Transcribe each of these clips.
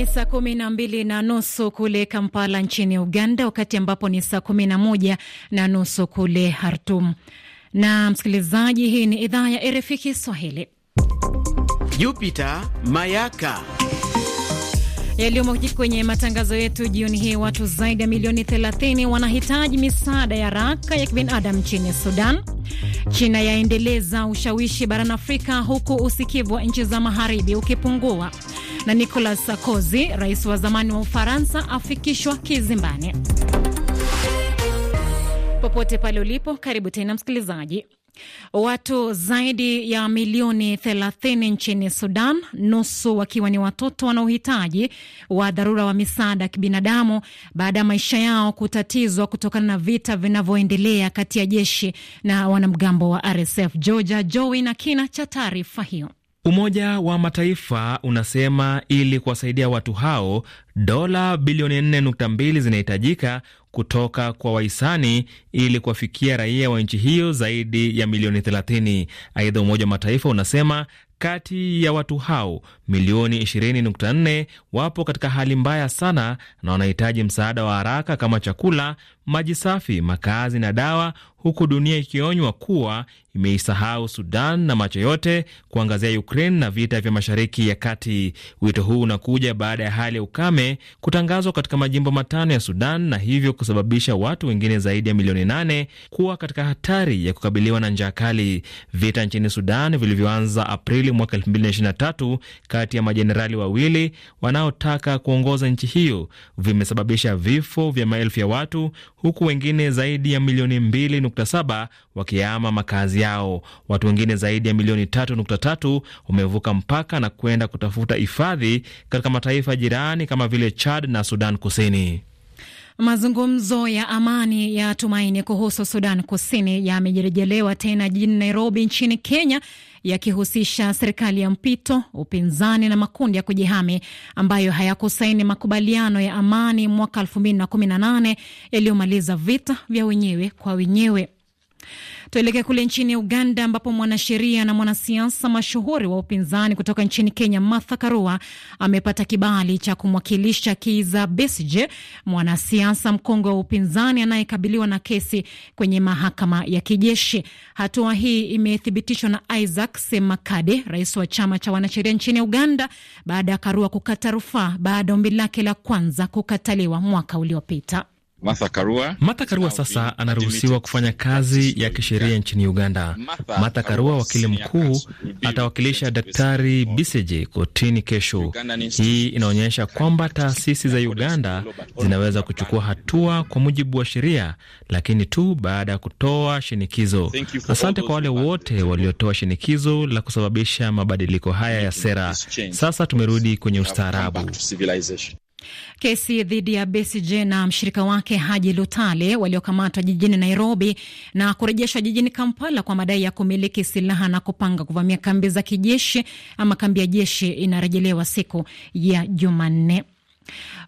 Ni saa kumi na mbili na nusu kule Kampala nchini Uganda, wakati ambapo ni saa kumi na moja na nusu kule Hartum. Na msikilizaji, hii ni idhaa ya RFI Kiswahili. Jupiter Mayaka yaliyomo kwenye matangazo yetu jioni hii. Watu zaidi ya milioni 30 wanahitaji misaada ya haraka ya kibinadamu nchini Sudan. China yaendeleza ushawishi barani Afrika, huku usikivu wa nchi za magharibi ukipungua na Nicolas Sarkozy, rais wa zamani wa Ufaransa, afikishwa kizimbani. Popote pale ulipo, karibu tena msikilizaji. Watu zaidi ya milioni 30 nchini Sudan, nusu wakiwa ni watoto wanaohitaji wa dharura wa misaada ya kibinadamu baada ya maisha yao kutatizwa kutokana na vita vinavyoendelea kati ya jeshi na wanamgambo wa RSF. Georgia joi na kina cha taarifa hiyo. Umoja wa Mataifa unasema ili kuwasaidia watu hao dola bilioni 4.2 zinahitajika kutoka kwa wahisani ili kuwafikia raia wa nchi hiyo zaidi ya milioni 30. Aidha, Umoja wa Mataifa unasema kati ya watu hao milioni 20.4 wapo katika hali mbaya sana na wanahitaji msaada wa haraka kama chakula, maji safi, makazi na dawa, huku dunia ikionywa kuwa imeisahau Sudan na macho yote kuangazia Ukraine na vita vya Mashariki ya Kati. Wito huu unakuja baada ya hali ya ukame kutangazwa katika majimbo matano ya Sudan na hivyo kusababisha watu wengine zaidi ya milioni nane kuwa katika hatari ya kukabiliwa na njaa kali. Vita nchini Sudan vilivyoanza Aprili mwaka 2023 kati ya majenerali wawili wanaotaka kuongoza nchi hiyo vimesababisha vifo vya maelfu ya watu huku wengine zaidi ya milioni 2.7 wakiama makazi yao. Watu wengine zaidi ya milioni 3.3 wamevuka mpaka na kwenda kutafuta hifadhi katika mataifa jirani kama vile Chad na Sudan Kusini. Mazungumzo ya amani ya Tumaini kuhusu Sudan Kusini yamerejelewa tena jijini Nairobi nchini Kenya, yakihusisha serikali ya mpito, upinzani na makundi ya kujihami ambayo hayakusaini makubaliano ya amani mwaka 2018 yaliyomaliza vita vya wenyewe kwa wenyewe. Tuelekee kule nchini Uganda ambapo mwanasheria na mwanasiasa mashuhuri wa upinzani kutoka nchini Kenya, Martha Karua amepata kibali cha kumwakilisha Kiza Besije, mwanasiasa mkongwe wa upinzani anayekabiliwa na kesi kwenye mahakama ya kijeshi. Hatua hii imethibitishwa na Isaac Semakade, rais wa chama cha wanasheria nchini Uganda, baada ya Karua kukata rufaa baada ya ombi lake la kwanza kukataliwa mwaka uliopita. Martha Karua. Martha Karua sasa anaruhusiwa kufanya kazi ya kisheria nchini Uganda. Martha Karua, wakili mkuu, atawakilisha Daktari Biseje kotini kesho. Hii inaonyesha kwamba taasisi za Uganda zinaweza kuchukua hatua kwa mujibu wa sheria, lakini tu baada ya kutoa shinikizo. Asante kwa wale wote waliotoa shinikizo la kusababisha mabadiliko haya ya sera. Sasa tumerudi kwenye ustaarabu. Kesi dhidi ya Besigye na mshirika wake Haji Lutale waliokamatwa jijini Nairobi na kurejeshwa jijini Kampala kwa madai ya kumiliki silaha na kupanga kuvamia kambi za kijeshi ama kambi ya jeshi inarejelewa siku ya Jumanne.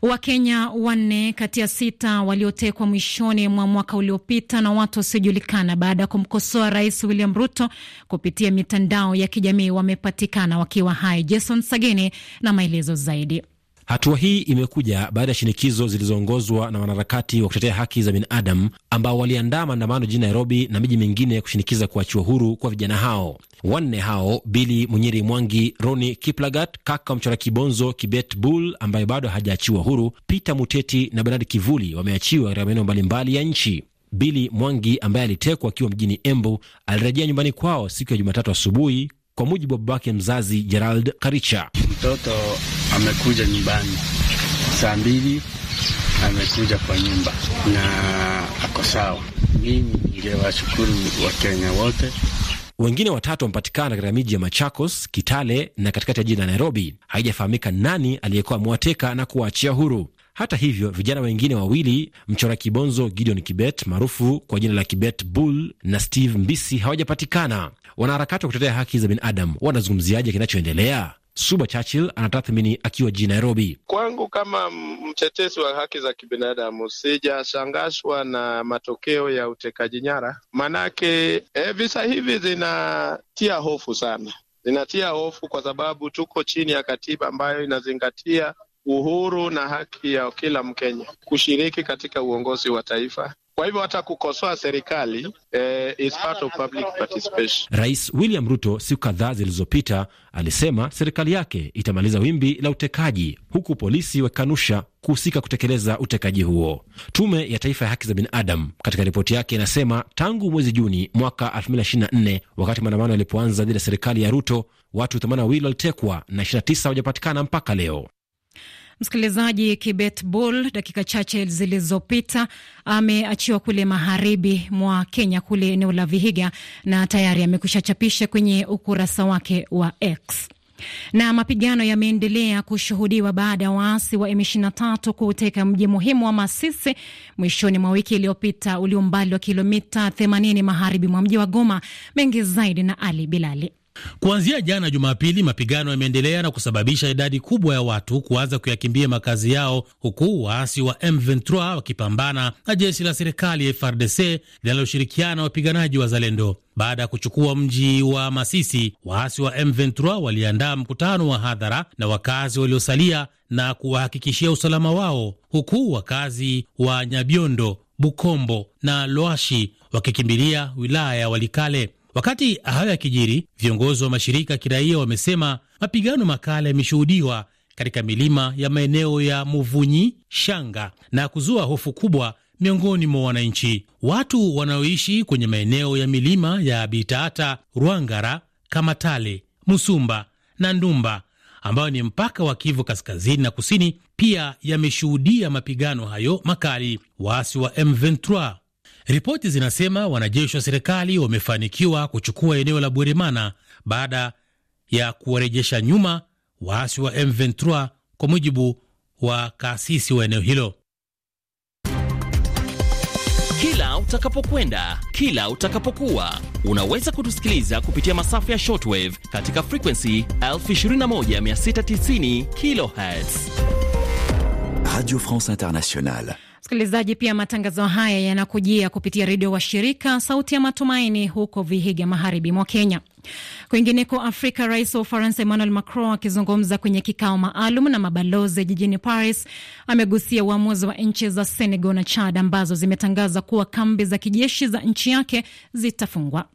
Wakenya wanne kati ya sita waliotekwa mwishoni mwa mwaka uliopita na watu wasiojulikana baada ya kumkosoa Rais William Ruto kupitia mitandao ya kijamii wamepatikana wakiwa hai. Jason Sagini na maelezo zaidi. Hatua hii imekuja baada ya shinikizo zilizoongozwa na wanaharakati wa kutetea haki za binadamu ambao waliandaa maandamano jijini Nairobi na miji mingine kushinikiza kuachiwa huru kwa vijana hao wanne hao Bili Munyiri Mwangi, Roni Kiplagat, kaka mchora kibonzo Kibet Bull ambaye bado hajaachiwa huru, Peter Muteti na Bernard Kivuli wameachiwa katika maeneo mbalimbali ya nchi. Bili Mwangi ambaye alitekwa akiwa mjini Embu alirejea nyumbani kwao siku ya Jumatatu asubuhi kwa mujibu wa babake mzazi Gerald Karicha. Mtoto amekuja nyumbani saa mbili, amekuja kwa nyumba na ako sawa. Mimi ningewashukuru Wakenya wote wengine watatu wamepatikana katika miji ya Machakos, Kitale na katikati ya jiji la Nairobi. Haijafahamika nani aliyekuwa amewateka na kuwaachia huru. Hata hivyo, vijana wengine wawili, mchora kibonzo Gideon Kibet maarufu kwa jina la Kibet Bull na Steve Mbisi hawajapatikana. Wanaharakati wa kutetea haki za binadamu wanazungumziaje kinachoendelea? Suba Churchill anatathmini akiwa jijini Nairobi. Kwangu kama mtetezi wa haki za kibinadamu, sijashangazwa na matokeo ya utekaji nyara, manake e, visa hivi zinatia hofu sana, zinatia hofu kwa sababu tuko chini ya katiba ambayo inazingatia uhuru na haki ya kila Mkenya kushiriki katika uongozi wa taifa. Kwa hivyo hata kukosoa serikali eh, is part of public participation. Rais William Ruto siku kadhaa zilizopita alisema serikali yake itamaliza wimbi la utekaji, huku polisi wakikanusha kuhusika kutekeleza utekaji huo. Tume ya Taifa ya Haki za Binadamu katika ripoti yake inasema tangu mwezi Juni mwaka 2024 wakati maandamano yalipoanza dhidi ya serikali ya Ruto, watu 82 walitekwa na 29 hawajapatikana mpaka leo. Msikilizaji, Kibet Bol dakika chache zilizopita ameachiwa kule magharibi mwa Kenya, kule eneo la Vihiga, na tayari amekusha chapisha kwenye ukurasa wake wa X na mapigano yameendelea kushuhudiwa baada ya waasi wa M23 kuuteka mji muhimu wa Masisi mwishoni mwa wiki iliyopita ulio umbali wa kilomita 80 magharibi mwa mji wa Goma. Mengi zaidi na Ali Bilali. Kuanzia jana Jumapili, mapigano yameendelea na kusababisha idadi kubwa ya watu kuanza kuyakimbia makazi yao, huku waasi wa M23 wakipambana na jeshi la serikali frdc linaloshirikiana na wapiganaji wa Zalendo. Baada ya kuchukua mji wa Masisi, waasi wa M23 waliandaa mkutano wa hadhara na wakazi waliosalia na kuwahakikishia usalama wao, huku wakazi wa Nyabiondo, Bukombo na Loashi wakikimbilia wilaya ya Walikale. Wakati hayo yakijiri, viongozi wa mashirika ya kiraia wamesema mapigano makali yameshuhudiwa katika milima ya maeneo ya Muvunyi Shanga na kuzua hofu kubwa miongoni mwa wananchi. Watu wanaoishi kwenye maeneo ya milima ya Bitata, Rwangara, Kamatale, Musumba na Ndumba ambayo ni mpaka wa Kivu kaskazini na kusini, pia yameshuhudia mapigano hayo makali. Waasi wa M23 Ripoti zinasema wanajeshi wa serikali wamefanikiwa kuchukua eneo la Bweremana baada ya kuwarejesha nyuma waasi wa M23 kwa mujibu wa kaasisi wa eneo hilo. Kila utakapokwenda, kila utakapokuwa, unaweza kutusikiliza kupitia masafa ya shortwave katika frequency 21690 kilohertz. Radio France Internationale. Msikilizaji, pia matangazo haya yanakujia kupitia redio wa shirika Sauti ya Matumaini huko Vihiga, magharibi mwa Kenya. Kwingineko Afrika, rais wa Ufaransa Emmanuel Macron akizungumza kwenye kikao maalum na mabalozi jijini Paris amegusia uamuzi wa nchi za Senegal na Chad ambazo zimetangaza kuwa kambi za kijeshi za nchi yake zitafungwa.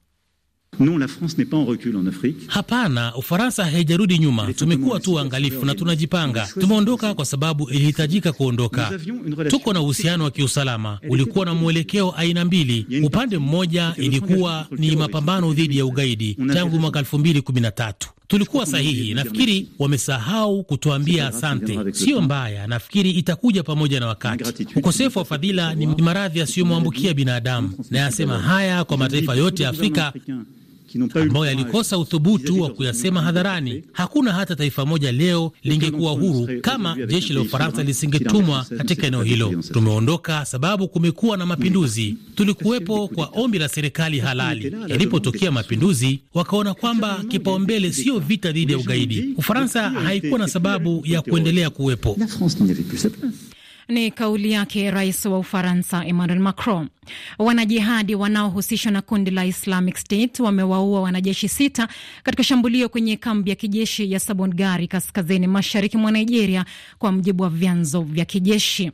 Non, la France n'est pas en recul en Afrique. Hapana, Ufaransa haijarudi nyuma. Tumekuwa tu uangalifu na tunajipanga. Tumeondoka kwa sababu ilihitajika kuondoka. Tuko na uhusiano wa kiusalama ulikuwa na mwelekeo aina mbili. Upande mmoja ilikuwa ni mapambano dhidi ya ugaidi tangu mwaka 2013. Tulikuwa sahihi. Nafikiri wamesahau kutuambia asante. Siyo mbaya, nafikiri itakuja pamoja na wakati. Ukosefu wa fadhila ni maradhi yasiyomwambukia binadamu, na yasema haya kwa mataifa yote ya Afrika ambayo yalikosa uthubutu wa kuyasema hadharani. Hakuna hata taifa moja leo lingekuwa huru kama jeshi la Ufaransa lisingetumwa katika eneo hilo. Tumeondoka sababu kumekuwa na mapinduzi. Tulikuwepo kwa ombi la serikali halali. Yalipotokea mapinduzi, wakaona kwamba kipaumbele siyo vita dhidi ya ugaidi. Ufaransa haikuwa na sababu ya kuendelea kuwepo. Ni kauli yake rais wa Ufaransa Emmanuel Macron. Wanajihadi wanaohusishwa na kundi la Islamic State wamewaua wanajeshi sita katika shambulio kwenye kambi ya kijeshi ya Sabongari kaskazini mashariki mwa Nigeria, kwa mujibu wa vyanzo vya kijeshi.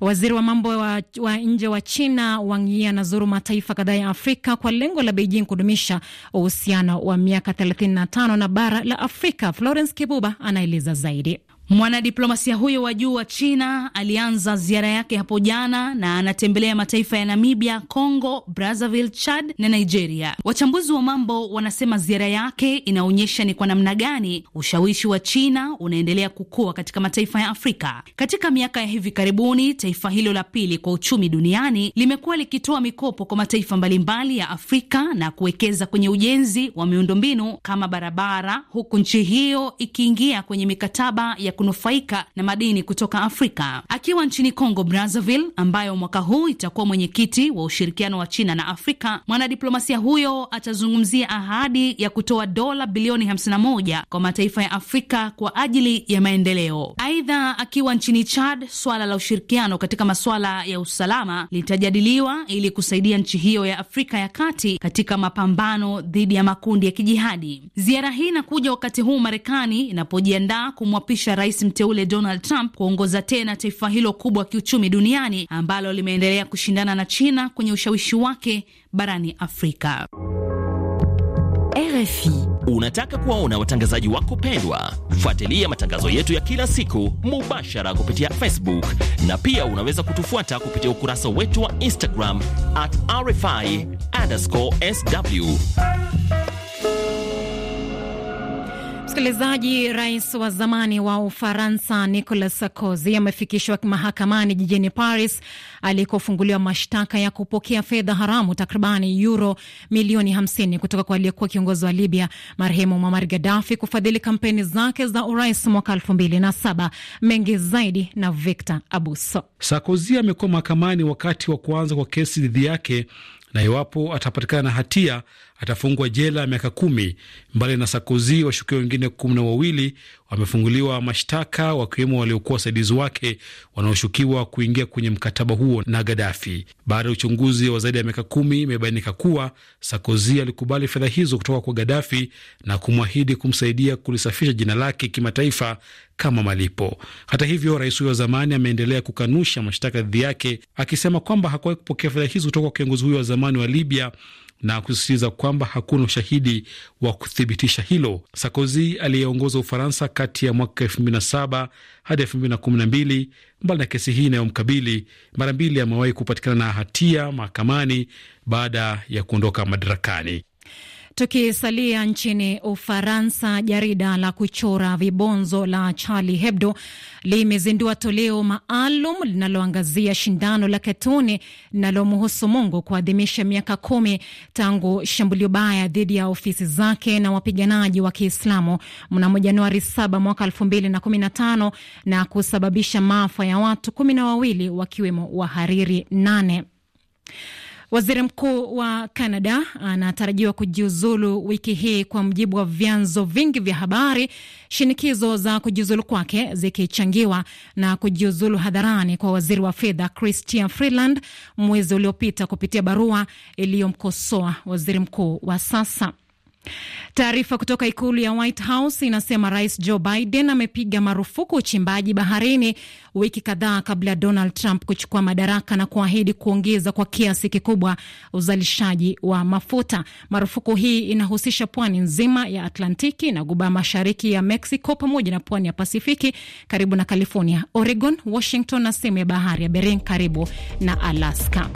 Waziri wa mambo wa, wa nje wa China Wang Yi anazuru mataifa kadhaa ya Afrika kwa lengo la Beijing kudumisha uhusiano wa miaka 35 na bara la Afrika. Florence Kibuba anaeleza zaidi. Mwanadiplomasia huyo wa juu wa China alianza ziara yake hapo jana na anatembelea mataifa ya Namibia, Congo Brazzaville, Chad na Nigeria. Wachambuzi wa mambo wanasema ziara yake inaonyesha ni kwa namna gani ushawishi wa China unaendelea kukua katika mataifa ya Afrika. Katika miaka ya hivi karibuni, taifa hilo la pili kwa uchumi duniani limekuwa likitoa mikopo kwa mataifa mbalimbali ya Afrika na kuwekeza kwenye ujenzi wa miundombinu kama barabara, huku nchi hiyo ikiingia kwenye mikataba ya kunufaika na madini kutoka Afrika. Akiwa nchini Congo Brazzaville, ambayo mwaka huu itakuwa mwenyekiti wa ushirikiano wa China na Afrika, mwanadiplomasia huyo atazungumzia ahadi ya kutoa dola bilioni 51 kwa mataifa ya Afrika kwa ajili ya maendeleo. Aidha, akiwa nchini Chad, swala la ushirikiano katika masuala ya usalama litajadiliwa ili kusaidia nchi hiyo ya Afrika ya kati katika mapambano dhidi ya makundi ya kijihadi. Ziara hii inakuja wakati huu Marekani inapojiandaa kumwapisha rais mteule Donald Trump kuongoza tena taifa hilo kubwa kiuchumi duniani ambalo limeendelea kushindana na China kwenye ushawishi wake barani Afrika. RFI. Unataka kuwaona watangazaji wako pendwa? Fuatilia matangazo yetu ya kila siku mubashara kupitia Facebook na pia unaweza kutufuata kupitia ukurasa wetu wa Instagram at RFI_SW. Msikilizaji, rais wa zamani wa Ufaransa Nicolas Sarkozy amefikishwa mahakamani jijini Paris alikofunguliwa mashtaka ya kupokea fedha haramu takribani euro milioni 50 kutoka kwa aliyekuwa kiongozi wa Libya marehemu Muammar Gaddafi kufadhili kampeni zake za urais mwaka 2007. Mengi zaidi na Victor Abuso. Sarkozy amekuwa mahakamani wakati wa kuanza kwa kesi dhidi yake na iwapo atapatikana na hatia atafungwa jela ya miaka kumi. Mbali na Sarkozy, washukiwa wengine kumi na wawili wamefunguliwa mashtaka wakiwemo waliokuwa wasaidizi wake wanaoshukiwa kuingia kwenye mkataba huo na Gadafi. Baada ya uchunguzi wa zaidi ya miaka kumi, imebainika kuwa Sarkozy alikubali fedha hizo kutoka kwa gadafi na kumwahidi kumsaidia kulisafisha jina lake kimataifa kama malipo. Hata hivyo, rais huyo wa zamani ameendelea kukanusha mashtaka dhidi yake akisema kwamba hakuwahi kupokea fedha hizo kutoka kwa kiongozi huyo wa zamani wa Libya na kusisitiza kwamba hakuna ushahidi wa kuthibitisha hilo. Sarkozy aliyeongoza Ufaransa kati ya mwaka 2007 hadi 2012, mbali na kesi hii inayomkabili mara mbili, amewahi kupatikana na hatia mahakamani baada ya kuondoka madarakani. Tukisalia nchini Ufaransa, jarida la kuchora vibonzo la Charlie Hebdo limezindua toleo maalum linaloangazia shindano la katuni linalomhusu Mungu kuadhimisha miaka kumi tangu shambulio baya dhidi ya ofisi zake na wapiganaji wa Kiislamu mnamo Januari 7 mwaka 2015 na kusababisha maafa ya watu kumi na wawili wakiwemo wahariri nane. Waziri mkuu wa Kanada anatarajiwa kujiuzulu wiki hii kwa mujibu wa vyanzo vingi vya habari, shinikizo za kujiuzulu kwake zikichangiwa na kujiuzulu hadharani kwa waziri wa fedha Christian Freeland mwezi uliopita kupitia barua iliyomkosoa waziri mkuu wa sasa. Taarifa kutoka ikulu ya White House inasema rais Joe Biden amepiga marufuku uchimbaji baharini wiki kadhaa kabla ya Donald Trump kuchukua madaraka na kuahidi kuongeza kwa kiasi kikubwa uzalishaji wa mafuta. Marufuku hii inahusisha pwani nzima ya Atlantiki na guba mashariki ya Mexico pamoja na pwani ya Pasifiki karibu na California, Oregon, Washington na sehemu ya bahari ya Bering karibu na Alaska.